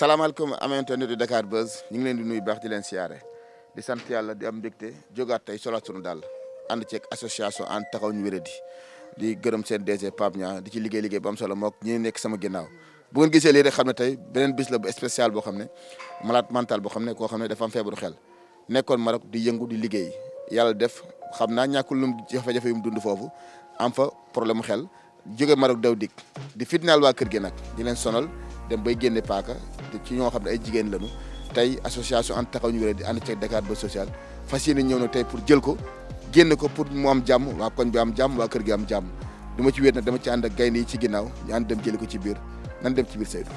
salaamaaleykum am internet yu Dakar Buzz ñu ngi leen di nuyu baax di leen siyaare di sant yàlla di am mbégte jógaat tey solaat sunu daal ànd ceeg association ànd taxaw ñu wéradi di gërëm seen DG Pape Niang di ci liggéey liggéey bu am solo mook ñi nekk sama ginnaaw bu ngeen gisee lii rek xam ne tey beneen bis bu spécial boo xam ne malaat mental boo xam ne koo xam ne dafa am feebaru xel nekkoon Maroc di yëngu di liggéey yàlla def xam naa ñàkkul lum jafe-jafe yu mu dund foofu am fa problème mu xel jóge Maroc daw dik di fitnaal waa kër gi nag di leen sonal dem bay génne paaka ci ñoo xam ne ay jigéen lañu tey association ànd taxaw ñu wéré di ceeg Dakar ba social fas yéene ñëw na tey pour jël ko génn ko pour mu am jàmm waa koñ bi am jàmm waa kër gi am jàmm duma ci wéet nag dama ci ànd ak gaynde yi ci ginnaaw ñu ànd dem jëli ko ci biir nan dem ci biir Seydou.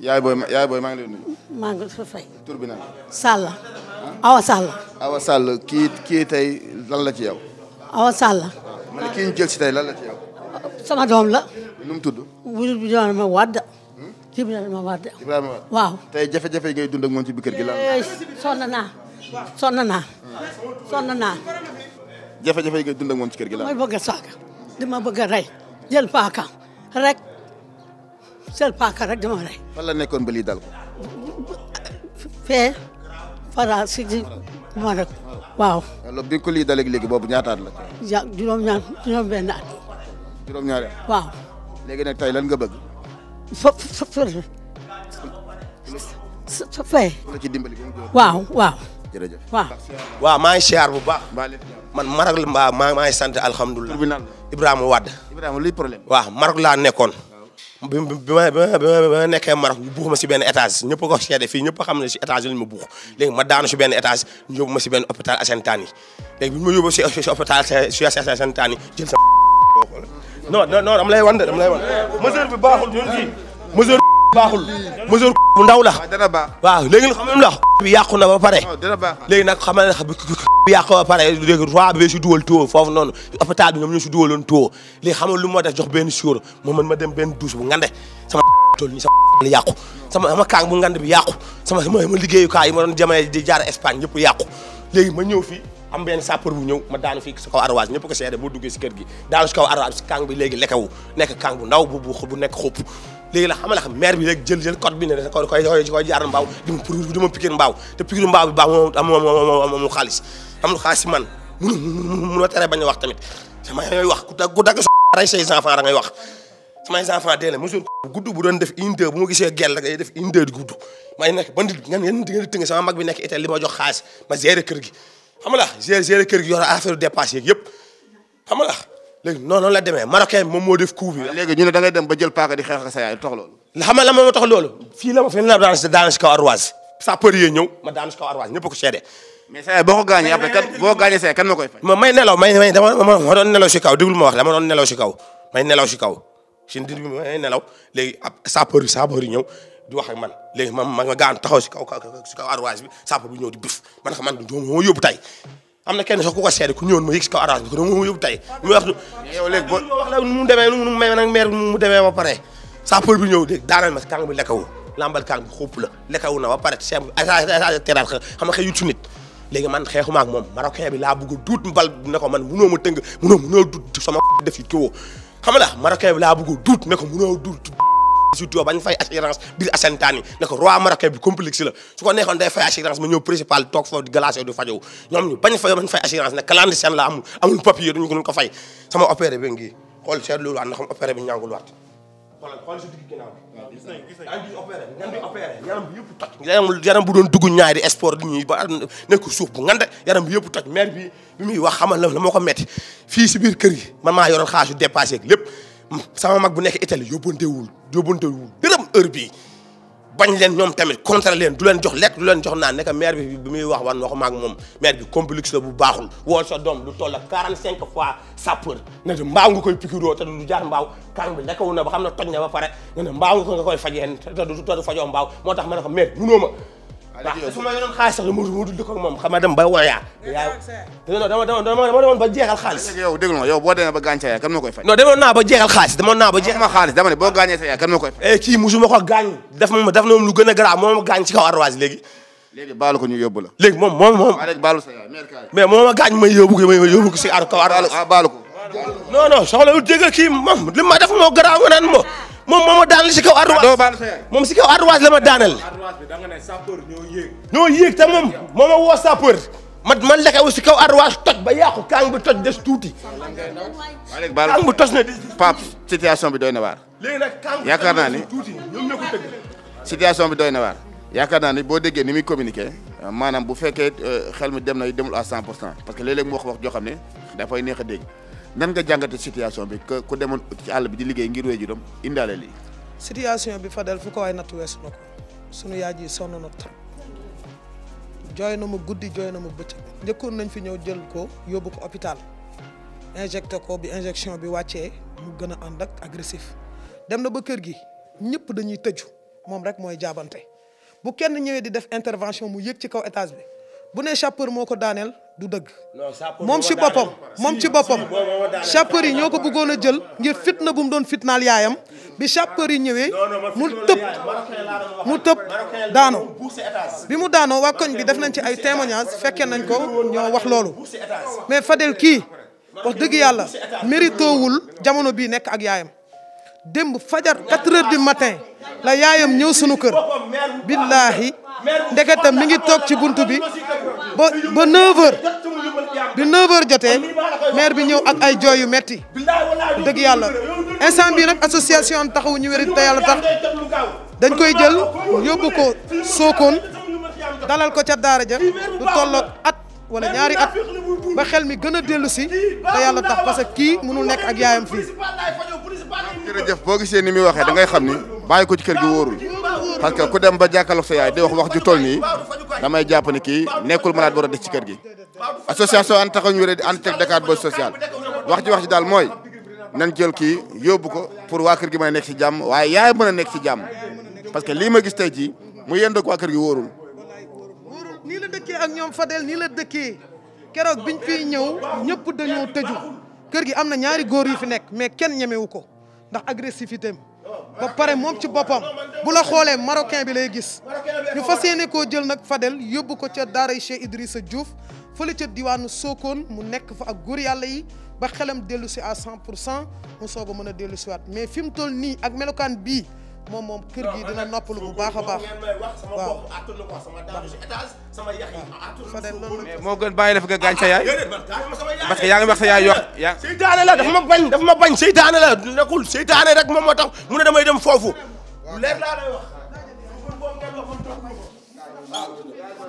yaay booy yaay Awa la Awa kii kii tey lan la ci yow. Awa Sall. kii ñu jël si tey lan la ci yow. sama doom la. nu mu tudd. wul bi ma wàdd. Ibrahima Wade. Ibrahima Wade waaw. tey jafe-jafe yi ngay dund ak ci biir kër gi lan la. Eh, sonn naa sonn naa. sonn naa. jafe-jafe dund ak ci kër gi la. dama bëgg a bëgg a rey. jël paaka rek jël paaka rek dama rey. fan la nekkoon ba lii dal fee. Fara si di Maroc waaw. alors bi ko lii léegi boobu ñaata at la. juróom-ñaar juróom-benn juróom-ñaari at waaw. léegi nag tey lan nga ci dimbali waaw waaw. siyaar bu baax. man Maroc mbaa maa maa ngi sant alhamdulilah. Ibrahima Wade. Ibrahima luy problème. waaw Maroc laa nekkoon. bi ma bi ma nekkee buux ma si benn étage ñëpp ko seede fii ñëpp xam ne si étage lañ ma buux léegi ma daanu si benn étage ñu yóbbu ma si benn hôpital Assane Tani léegi bi ma yóbbu si hôpital si Assane Tani jël sa. non non non lay wan de dama lay wan mesure bi baaxul ñun fii baaxul mesure bu ndaw la waaw léegi nag xam nga lu wax na ba pare léegi nag xamal ne bi yàqu ba pare léegi roi bi si duwal tuwo foofu noonu hôpital bi ñoom ñoo si duwaloon tuwo léegi xam nga lu moo def jox benn sióor moo man ma dem benn douche bu ngande sama tool ni sama li sama sama kaang bu ngande bi yàqu sama sama liggéeyukaay yi ma doon jamee di jaar Espagne yëpp yàqu léegi ma ñëw fii benn sapeur bu ñëw ma daanu fii si ñëpp ko seede boo si kër gi daanu si kaw arwaas kàng bi léegi nekk kàng bu ndaw bu bu nekk xupp léegi la xama la xam maire bi rek jël jël code bi ne ko koy koy jaar mbaaw di ma pour di ma piqué mbaaw te piqué mbaaw bi baax moom am amul xaalis amul man munu munu ma tere bañ a wax tamit sama yooyu wax ku dagg ku dagg rey say enfant da wax samay enfant dee na mesure gudd bu doon def une deux bu ma gisee gel rek day def une deux gudd may nekk ban ngeen ngeen di tënk sama mag nekk Italie li ma jox xaalis ma gérer kër gi xam kër gi yor affaire dépassé yëpp xam la léegi noonu la demee marocain bi moom moo def coup bi. léegi ñu ne da ngay dem ba jël paaka di xeex ak sa yaay la ma fi la daan daan si kaw arwaas. sapeur yee ma daan si kaw ma koy fay. ma may nelaw may may ma doon nelaw si kaw déglu wax di wax man léegi ma ma gaañ taxaw si kaw si kaw arwaas bi sapeur bi di bif man xam man du ma yóbbu tey am na kenn sax ku ko seede ku ñëwoon ma yëg si kaw arrange bi ko dama ma yóbbu tey mu wax yow léegi boo wax la mu demee nu mu nag maire mu demee ba pare saa pël bi ñëw dégg daanal ma kàng bi lekkawu lambal kàng bi xópp la lekkawu na ba pare sem ag teraat xam nga xëyut su nit léegi man xeexuma ak moom marocain bi laa bëgg a duut bal ne ko man munoo ma tëng munoo munoo duut sama def yi kiwoo xam nga la marocain bi laa bëgg a duut ne ko munoo duut surtout bañ fay assurance biir asentaan yi ne ko roi Marocain bi complexe la su ko neexoon day fay assurance ma ñëw principal toog foofu di glacé du fajow ñoom ñu bañ fay bañ fay assurance ne clandestin la amul amul papier ko fay sama opéré bi ngi xool seet loolu ànd xam opéré bi ñàngul waat xoolal xool si digg ginnaaw yaram bu doon dugg ñaay di sport di ñuy ba nekk suuf bu ngande yaram bi yëpp toj maire bi bi muy wax xamal la moo ko metti fii si biir kër gi man maa yoroon xaasu dépassé lépp sama mag bu nekk Italie yóbbantewul yóbbantewul dërëm heure bii bañ leen ñoom tamit contre leen du leen jox lek du leen jox naan ne que maire bi bi muy wax wan waxuma ak moom maire bi complexe la bu baaxul woo sa doom lu toll ak 45 fois sapeur nga ne mbaaw nga koy pikiroo te du jaar mbaaw kàng bi lekkawu na ba xam ne toj na ba pare nga ne mbaaw nga ko nga koy fajee te du fajoo mbaaw moo tax ma ne ko maire ma waaw su ma yoroon xaalis sax mu mu dund ko moom xam nga dem ba woyaa yaa eh, non dama dama dama demoon ba jeexal xaalis yow déglu ma yow boo demee ba gaañ sa yaay kan moo koy fay non demoon naa ba jeexal xaalis demoon naa ba jeexal ma xaalis dama ne boo gaañee sa yaay kan moo koy fay eh, kii musuma ko gaañ daf ma daf na moom lu gën a garaaw moom gaañ ci kaw arrosé léegi léegi baalu ko ñu yóbbu la léegi moom moom moom baalu sa yaay mais moom ma gaañ may yóbbu ko may yóbbu ko si kaw arrosé ah, baalu ko non non soxla lu dégg kii moom li ma def moo garaaw nga naan mo moom moo ma daanal si kaw ardoise moom si kaw ardoise la ma daanal. ñoo yéeg te moom moo ma woo sapeur man man la si kaw ardoise toj ba yàqu kaang bi toj des tuuti. kaang bi toj na des tuuti Pape situation bi doy na waar. léegi nag kaang bi toj na tuuti bi doy na yaakaar naa ni boo déggee ni muy communiqué maanaam bu fekkee euh, xel mu dem na demul à 100 pour cent parce que léeg-léeg mu wax wax joo xam ne dafay neex a dégg. nan nga jàngate situation bi ko demoon ci àll bi di liggéey ngir wéejuram indaale li situation bi Fadel fu ko waay natt weesu na ko sunu yaay ji sonn na trop jooy na ma guddi jooy na ma bëccëg njëkkoon nañ fi ñëw jël ko yóbbu ko hôpital injecté ko bi injection bi wàccee mu gën a ànd ak agressif dem na ba kër gi ñëpp dañuy tëju moom rek mooy jaabante bu kenn ñëwee di def intervention mu yëg ci kaw étage bi. bu nee sapeur moo ko daaneel du dëgg moom ci boppam moom ci boppam sapeur yi ñoo ko bëggoon jël ngir fitna bu mu doon fitnaal yaayam bi sapeur yi ñëwee mu tëb mu tëb daano bi mu daanoo waa koñ bi def nañ ci ay témoignages fekkee nañ ko ñoo wax loolu mais Fadel kii o dëgg yàlla méritowul jamono bii nekk ak yaayam démb fajar 4 heures du matin la yaayam ñëw sunu kër billaahi ndeketam mi ngi toog ci bunt bi ba ba 9h bi 9h jotee maire bi ñëw ak ay jooy yu metti dëgg yàlla instant bi nag association taxawu ñu wér te yàlla tax dañ koy jël yóbbu ko Sokone dalal ko ca daara ja lu tolloog at wala ñaari at ba xel mi gën a dellu si te yàlla tax parce que kii mënul nekk ak yaayam fii. jërëjëf boo gisee ni muy waxee da ngay xam ni bàyyi ko ci kër gi wóorul parce que ku dem ba jàkkaarloog sa yaay di wax wax ju toll nii. damay jàpp ne kii nekkul malade war a des ci kër gi. association ànd taxawu ñu wéree di ànd teg Dakar Buzz social wax ji wax ci daal mooy nañ jël kii yóbbu ko pour waa kër gi ma a nekk ci jàmm waaye yaay mën a nekk ci jàmm parce que lii ma gis tey jii mu yëndoog waa kër gi wóorul. wóorul nii la dëkkee ak ñoom fa Fadel nii la dëkkee keroog biñ fiy ñëw ñëpp dañoo tëju kër gi am na ñaari góor yu fi nekk mais kenn ñemewu ko ndax agressivité am ba pare moom ci boppam bu la xoolee marocain bi lay gis ñu fas yéene ko jël nag Fadel yóbbu ko ca daaray Cheikh Idrissa Diouf fële ca diwaanu Sokone mu nekk fa ak góor yàlla yi ba xelam dellu si à 100 pour cent mu soo a mën a dellu si waat mais fi mu toll nii ak melokaan bii moom moom kër gi dina noppalu bu baax a baax waaw moo gën bàyyi la fa nga gaañ sa ah, yaay parce que yaa ngi wax sa yaay yokk yaa seytaane la dafa ma bañ dafa ma bañ seytaane la nekkul seytaane rek moom moo tax mu ne damay dem foofu leer laa lay wax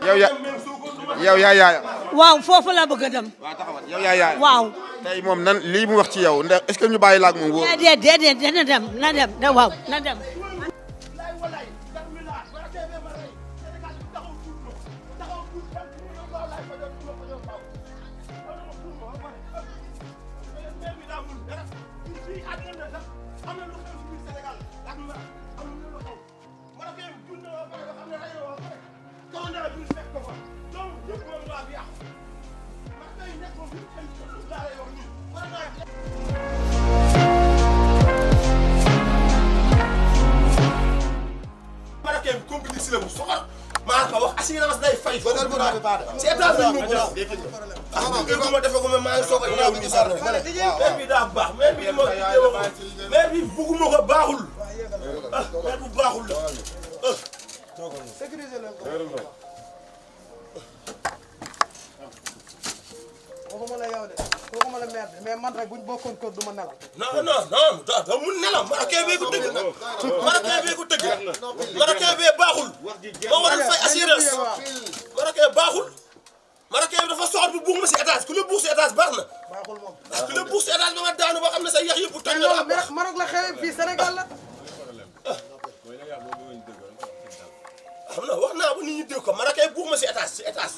yow ya yow yaa yaaya waaw foofu laa bëgg a dem yow yaa yaaya waaw tey moom nan lii mu wax ci yow ndax est-ce que ñu bàyyi laag moom. wóor na déedéet na na dem na dem. si état bi ñu ko ah non kër gi ma defee ko mais maa a ñëw ñu sar rek. maire bi ma maire la. sécuriser leen ko. waxuma la ma bee ko tëgg. marakee bee bee baaxul. ma waral fay assurance. marocain baaxul marocain bi dafa soxor bu buux ma si étage ku la buux si étage baax na. baaxul moom ndax ku la buux si étage ba nga daanu ba xam ne sa yax yëpp. toj na la mais Maroc la xew fii Sénégal la. xam na wax naa ba nit ñi dégg ko marocain buux ma si étage si étage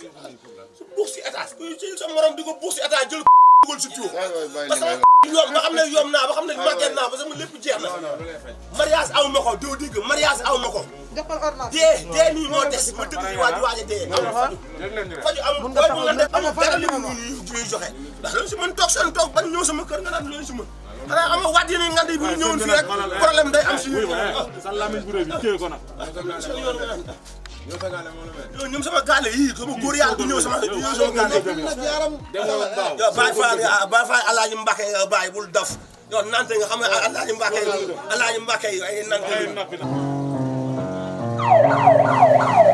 su buux si étage ku ci sa morom di ko buux si étage jël dugal si tuyau parce que yoom nga xam ne yoom naa ba xam ne màgget naa ba sama lépp jeex na mariage aw ma ko doo dégg mariage aw ma ko joxal ordonnance. dee dee nii moo des ma tëdd waaj waaj a dee. faju amul boobu nga def amul dara li ñuy si mën toog seen toog ban ñëw sama kër nga naan loolu si mën. xanaa nga di bu ñu ñëwoon fii rek problème sa lamiñ bu rëy bi téye ko nag. yow ñoom sama gaale yii sama góor yàlla du ñëw sama du ñëw sama gaale. yow Baye Faye ah, Baye Faye Alaaji Mbacke Baye bul Thank you.